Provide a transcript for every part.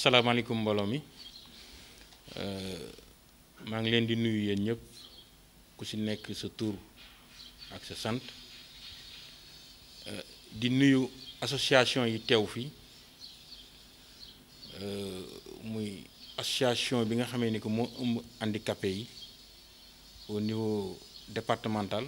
salaamaaleykum mbolo mi euh, maa ngi leen di nuyu yéen ñëpp ku si nekk sa tur ak sa sant euh, di nuyu association yi teew fii euh, muy association bi nga xamee ni que moo ëmb handicapé yi au niveau départemental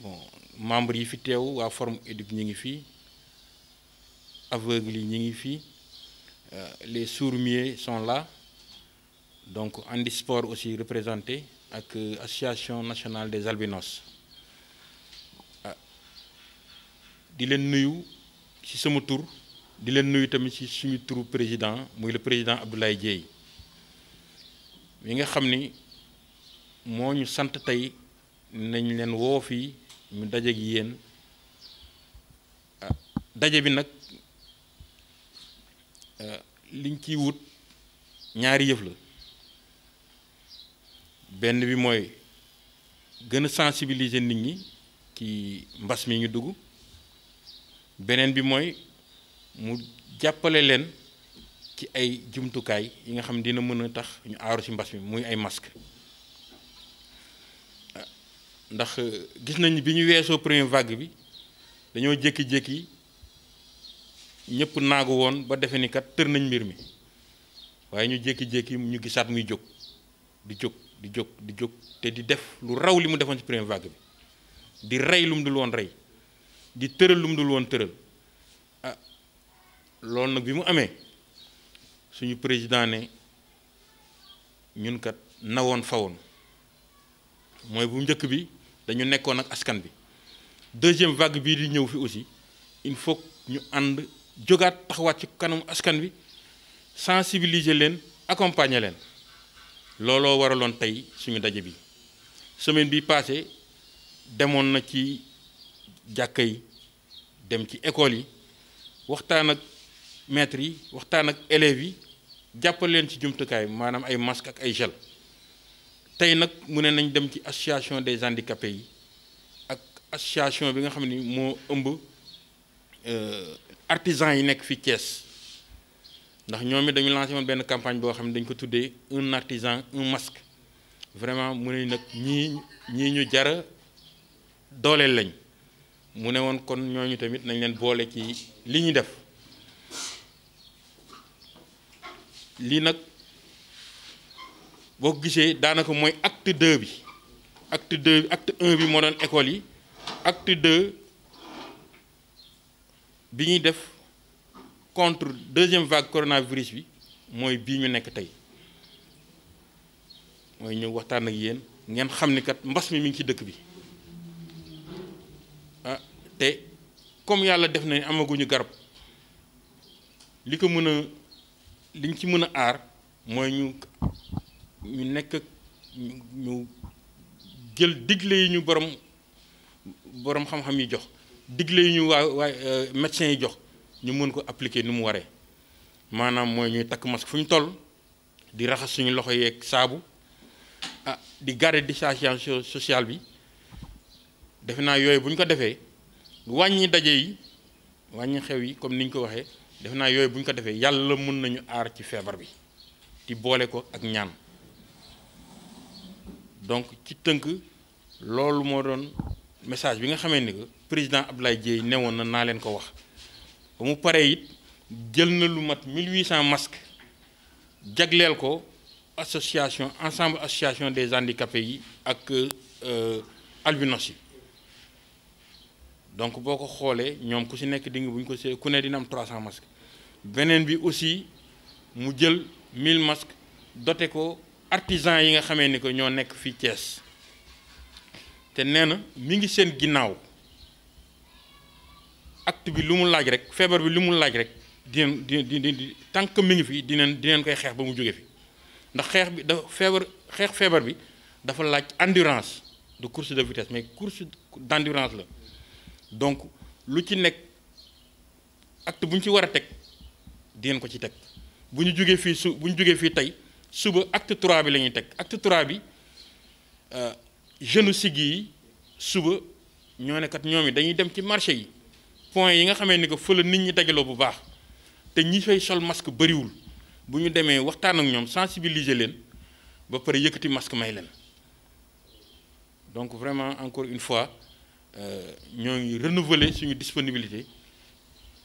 bon membre yi fi teew waa forme éduc ñi ngi fii aveugle yi ñi ngi fii Euh, les sourds son la là donc handisport aussi représenté ak euh, association nationale des albinos euh, di leen nuyu ci sama tur di leen nuyu tamit ci suñu turu président muy le président Abdoulaye Dièye mi nga xam ni moo ñu sant tey nañ leen woo fii ñu daje gi yéen daje bi nag. liñ ci wut ñaari yëf la benn bi mooy gën a sensibiliser nit ñi ci mbas mi ñu dugg beneen bi mooy mu jàppale leen ci ay jumtukaay yi nga xam dina mën a tax ñu aaru ci mbas mi muy ay masque ndax gis nañ bi ñu weesoo première vague bi dañoo jékki-jékki ñëpp naagu woon ba defe ni kat tër nañ mbir mi waaye ñu jékki-jékki ñu gisaat muy jóg di jóg di jóg di jóg te di def lu raw li mu defoon ci première vague bi di rey lu mu dul woon rey di tëral lu mu dul woon tëral a ah, loolu nag bi mu amee suñu président ne ñun kat nawoon fawoon mooy bu njëkk bi dañu nekkoon ak askan bi deuxième vague bii di ñëw fi aussi il faut ñu ànd jógaat taxawaat ci kanamu askan wi sensibiliser leen accompagner leen looloo waraloon tey suñu daje bi semaine bi passé demoon na ci jàkka yi dem ci école yi waxtaan ak maîtres yi waxtaan ak élèves yi jàppal leen ci jumtukaay maanaam ay masque ak ay gel tey nag mu ne nañ dem ci association des handicapés yi ak association bi nga xam ni moo ëmb Euh, artisans yi nekk fi cees ndax ñoom it dañu lancé woon benn campagne boo xam ne dañ ko tuddee un artisan un mask vraiment mu ne nag ñii ñii ñu jara dooleel lañ mu ne woon kon ñooñu tamit nañ leen boole ci li ñuy def lii nag boo ko gisee daanaka mooy acte deux bi acte deux acte un bi moo doon école yi acte bi ñuy def contre deuxième vague coronavirus bi mooy bii ñu nekk tey mooy ñëw waxtaan ak yéen ngeen xam ni kat mbas mi mi ngi ci dëkk bi ah, te comme yàlla def na amaguñu garab li ko mën a liñ ci mën a aar mooy ñu ñu nekk ñu jël digle yi ñu borom borom xam-xam yi jox. digle yi ñu waa waaye euh, médecins yi jox ñu mën ko appliquer ni mu waree maanaam mooy ñuy takk masque fu ñu toll di raxas suñu loxo yeeg saabu ah di garder distanciation sociale bi defe naa yooyu bu ñu ko defee wàññi daje yi wàññi xew yi comme ni ñu ko waxee defe naa yooyu bu ñu ko defee yàlla mun nañu aar ci feebar bi di boole ko ak ñaan donc ci tënk loolu moo doon message bi nga xamee ni que président Abdoulaye Dièye newoon na naa leen ko wax ba mu paree it jël na lu mat mille 1800 masques jagleel ko association ensemble association des handicapés yi ak euh, albinos yi donc boo ko xoolee ñoom ku si nekk di nga bu ñu ko see ku ne dina am 300 beneen bi aussi mu jël mille masques dote ko artisan yi nga xamee ni ko ñoo nekk fii Thiès te nee na mi ngi seen ginnaaw. acte bi lu mu laaj rek feebar bi lu mu laaj rek dineen di di tant que mi ngi fi dineen dineen koy xeex ba mu jóge fi ndax xeex bi dafa feebar xeex feebar bi dafa laaj endurance de course de vitesse mais course d'endurance la donc lu ci nekk acte bu ñu ci war a teg dineen ko ci teg bu ñu jógee fii su bu ñu jógee fii tey suba acte trois bi la ñuy teg acte 3 bi euh, jeunes sigi yi suba ñoo ne ñoom yi dañuy dem ci marché yi point yi nga xamee ni que fële nit ñi dajaloo bu baax te ñi fay sol masque bëriwul bu ñu demee waxtaan ak ñoom sensibiliser leen ba pare yëkkati masque may leen donc vraiment encore une fois euh, ñoo ngi renouveler suñu disponibilité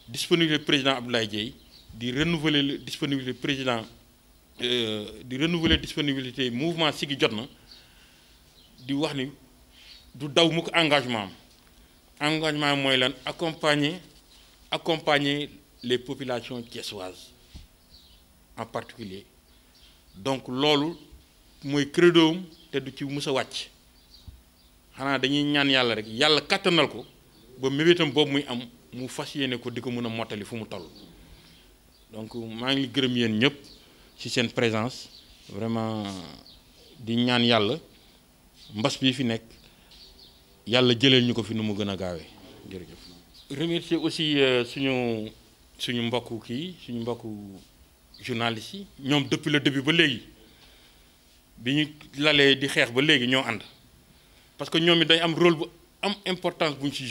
disponibilité président Abdoulaye Dièye di renouveler disponibilité président euh, di renouveler disponibilité mouvement Siggi jot na di wax ni du daw mukk engagement am engagement mooy lan accompagner accompagner les populations thiessoises en particulier donc loolu mooy credoom te du ci mus a wàcc xanaa dañuy ñaan yàlla rek yàlla kàttanal ko ba mébétam boobu muy am mu fas yéene ko di ko mën a mottali fu mu toll donc maa ngi gërëm yéen ñëpp ci seen présence vraiment di ñaan yàlla mbas bii fi nekk yàlla jëleel ñu ko fi nu mu gën a gaawee jërëjëf. remercier aussi euh, suñu suñu mbokku kii suñu mbokku journaliste yi ñoom depuis le début ba léegi bi ñu lalee di xeex ba léegi ñoo ànd parce que ñoom it dañ am rôle bu am importance bu ñu ci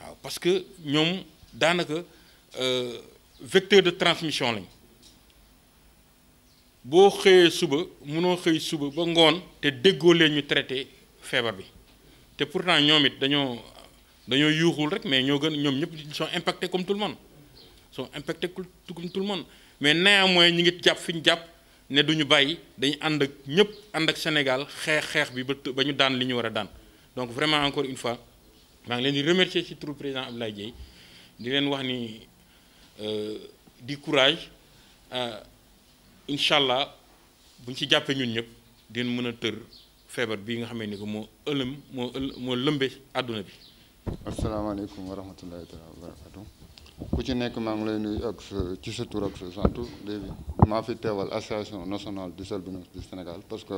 waaw parce que ñoom daanaka euh, vecteur de transmission lañ boo xëyee suba mënoo xëy suba ba ngoon te déggoo leen ñu traité. feebar bi te pourtant ñoom it dañoo dañoo yuuxul rek mais ñoo gën ñoom ñëpp ils sont impactés comme tout soo monde sont impactés comme tout le monde mais néanmoins ñi ngi jàpp fi ñu jàpp ne duñu bàyyi dañu ànd ak ñëpp ànd ak Sénégal xeex xeex bi ba ba ñu daan li ñu war a daan donc vraiment encore une fois maa ngi leen di remercier ci turu président Abdoulaye Dièye di leen wax ni euh, di courage euh, incha allah bu ñu ci jàppee ñun ñëpp dinañ mën a tër. feebar bii nga xamee ni ko moo ëlëm moo ël moo lëmbe àdduna bi asalaamaaleykum wa rahmatullahi taala wa ku ci nekk maa ngi lay nuyu ak ci sa tur ak sa sant léegi maa fi teewal association nationale des albinos du Sénégal parce que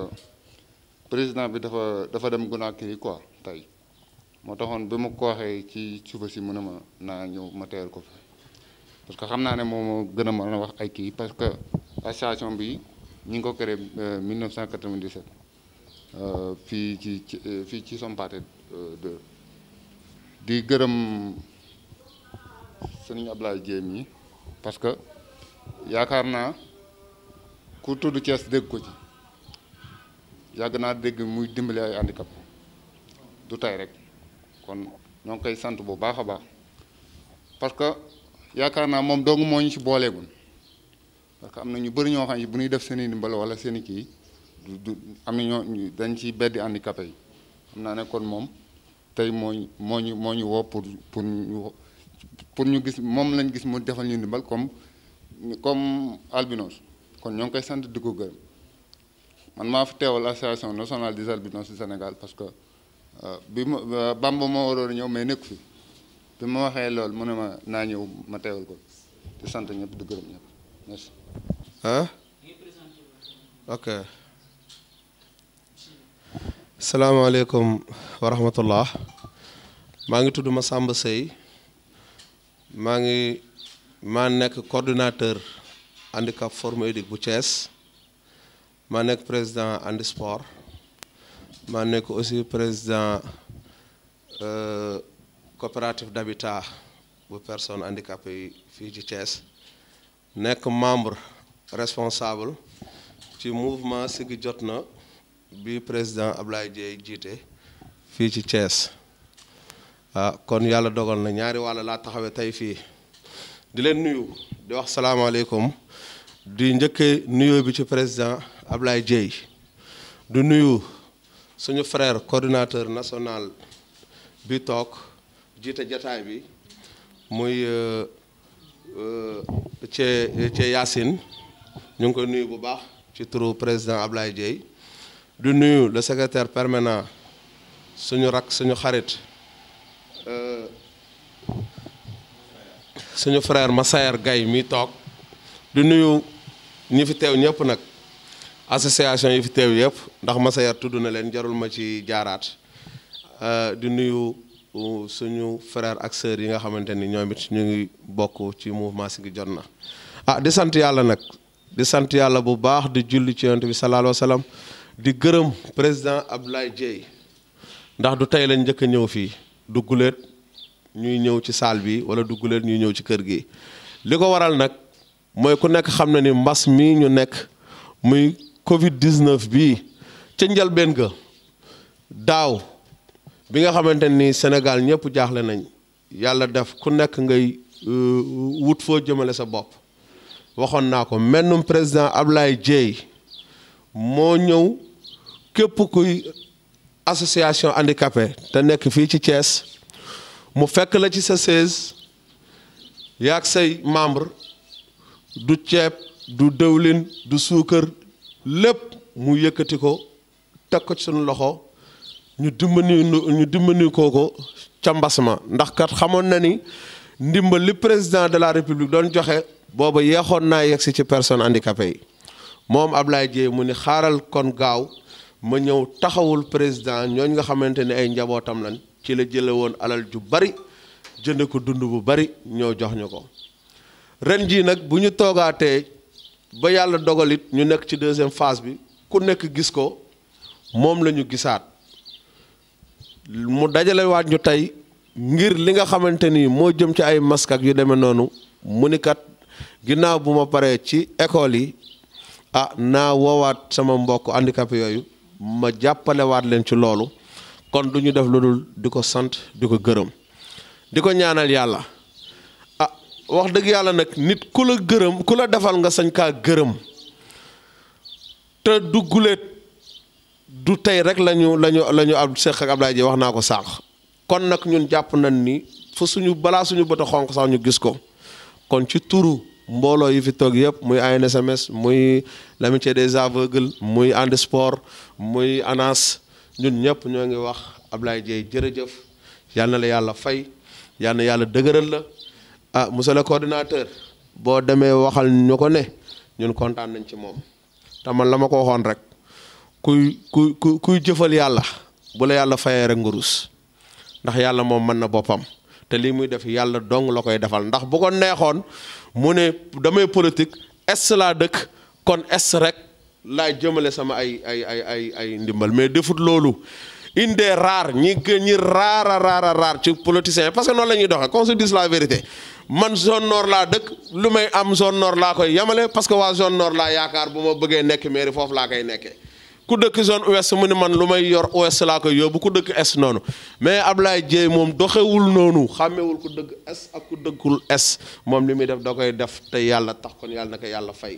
président bi dafa dafa dem Conakry quoi tey moo taxoon bi ma ko waxee ci suba si mu ne ma naa ñëw ma teel ko fi parce que xam naa ne moom gën a mën a wax ay kii parce que association bi ñu ngi ko créé 1997 euh, Euh, fii ci euh, fii ci Sompaté 2 euh, di gërëm sëñ Ablaye Dieng yi parce que yaakaar naa ku tudd Thiès dégg ko ci yàgg naa dégg muy dimbali ay handicap du tey rek kon ñoo ngi koy sant bu baax a baax parce que yaakaar naa moom dong moo ñu ci booleegul parce que am na ñu bari ñoo xam ne bu ñuy def seen i ndimbal wala seen kii. du du am na ñoo dañ ci beddi handicapé yi xam naa ne kon moom tey moo moo ñu moo ñu woo pour pour ñu pour ñu gis moom lañ gis mu defal ñu ndimbal comme comme albinos kon ñoo ngi koy sant di ko gërëm man maa fi teewal association nationale des albinos du Sénégal parce que euh, bi ma euh, Bamba moo waroon ñëw mais nekku fi bi ma waxee loolu mu ne ma naa ñëw ma teewal ko di sant ñëpp di gërëm ñëpp merci. ah ok. salaamaaleykum wa rahmatullah maa ngi tudd Massamba Seye maa ngi maa nekk coordonnateur handicap forme éduc bu Thiès maa nekk président handi sport maa nekk aussi président euh, coopérative d'habitat bu personnes handicapées yi fii ci Thiès nekk membre responsable ci mouvement jot na bi président Ablaye Dieye jiite fii ci Thiès ah kon yàlla dogal na ñaari wàll laa taxawe tey fii di leen nuyu di wax salaamaaleykum di njëkkee nuyoo bi ci président Ablaye Dieye du nuyu suñu freer coordinateur national bi toog jiite jataay bi muy ci euh, euh, ci Yacine ñu ngi koy nuyu bu baax ci turu président Ablaye Dieye di nuyu le secrétaire permanent suñu rak suñu xarit euh, suñu frère Massaer Gaye mi toog du nuyu ñi fi teew ñëpp nag association yi fi teew yëpp ndax Massaer tudd na leen jarul ma ci jaaraat euh, di nuyu euh, suñu frère ak sœur yi nga xamante ni ñoom it ñu ngi bokk ci mouvement Siggi Jotna ah di sant yàlla nag di sant yàlla bu baax di julli ci yonent bi sallallahu alayhi di gërëm président Abdoulaye Dieye ndax du tey lañ njëkk a ñëw fii dugguleet ñuy ñëw ci saal bi wala dugguleet ñuy ñëw ci kër gi li ko waral nag mooy ku nekk xam na ni mbas mii ñu nekk muy Covid 19 bii ca njalbeen ga daaw bi nga xamante ni Sénégal ñëpp jaaxle nañ yàlla def ku nekk ngay euh, wut foo jëmale sa bopp waxoon naa ko mennum président Abdoulaye Dieye moo ñëw képp kuy association handicapé te nekk fii ci cees mu fekk la ci sa siège yaag say membre du ceeb du dëwlin du suukar lépp mu yëkkati ko teg ko ci suñu loxo ñu dimbali ñu dimbali kooko ca mbas ma ndax kat xamoon na ni ndimbal li président de la république doon joxe booba yeexoon naa yegsi ci personnes handicapées yi moom Ablaye Dièye mu ni xaaral kon gaaw ma ñëw taxawul président ñooñ nga xamante ne ay njabootam lan ci la jële woon alal ju bari jënd ko dund bu bari ñoo jox ñu ko ren jii nag bu ñu toogaatee ba yàlla dogalit ñu nekk ci deuxième phase bi ku nekk gis ko moom lañu gisaat mu dajalewaat ñu tey ngir li nga xamante ni moo jëm ci ay masque yu deme noonu mu ni kat ginnaaw bu ma paree ci école yi ah naa woowaat sama mbokk handicapé yooyu ma jàppalewaat leen ci loolu kon du ñu def lu dul di ko sant di ko gërëm di ko ñaanal yàlla ah wax dëgg yàlla nag nit ku la gërëm ku la defal nga sañ kaa gërëm te dugguleet du tey rek lañu lañu la ñu ab seq ak Ablaye ji wax naa ko sànq kon nag ñun jàpp nañ ni fa suñu balaa suñu bët a xonq sax ñu gis ko kon ci turu mbooloo yi fi toog yëpp muy ANSMS muy l'amitié des aveugles muy And Sport muy ANAS ñun ñëpp ñoo ngi wax Ablaye Dieye jërëjëf yal na la yàlla fay yal na yàlla dëgëral la ah monsieur le coordinateur boo demee waxal ñu ko ne ñun kontaan nañ ci moom te man la ma ko waxoon rek kuy kuy kuy jëfal yàlla bu la yàlla fayee rek nga ruus ndax yàlla moom mën na boppam. te lii muy def yàlla dong la koy defal ndax bu ko neexoon mu ne damay politique est laa dëkk kon est rek laa jëmale sama ay ay ay ay ay ndimbal mais defut loolu une des rares ñi gën ñi raara raara raar ci politiciens parce noonu la ñuy doxee qu'on se la vérité man zone nord laa dëkk lu may am zone nord laa koy yemale parce que waa zone nord laa yaakaar bu ma bëggee nekk mairie foofu laa koy nekke ku dëkk zone ouest mu ni man lu may yor ouest laa koy yóbbu ku dëkk est noonu mais ab Ablaye Dieye moom doxewul noonu xàmmewul ku dëkk est ak ku dëkkul est moom li muy def da koy def te yàlla tax kon yàlla na ko yàlla fay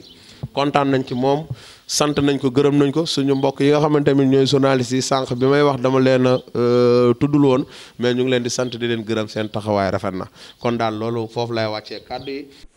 kontaan nañ ci moom sant nañ ko gërëm nañ ko suñu mbokk yi nga xamante ni ñooy sonalis yi sànq bi may wax dama leen a euh, tuddul woon mais ñu ngi leen di sant di leen gërëm seen taxawaay rafet na kon daan loolu foofu lay wàccee kàddu yi.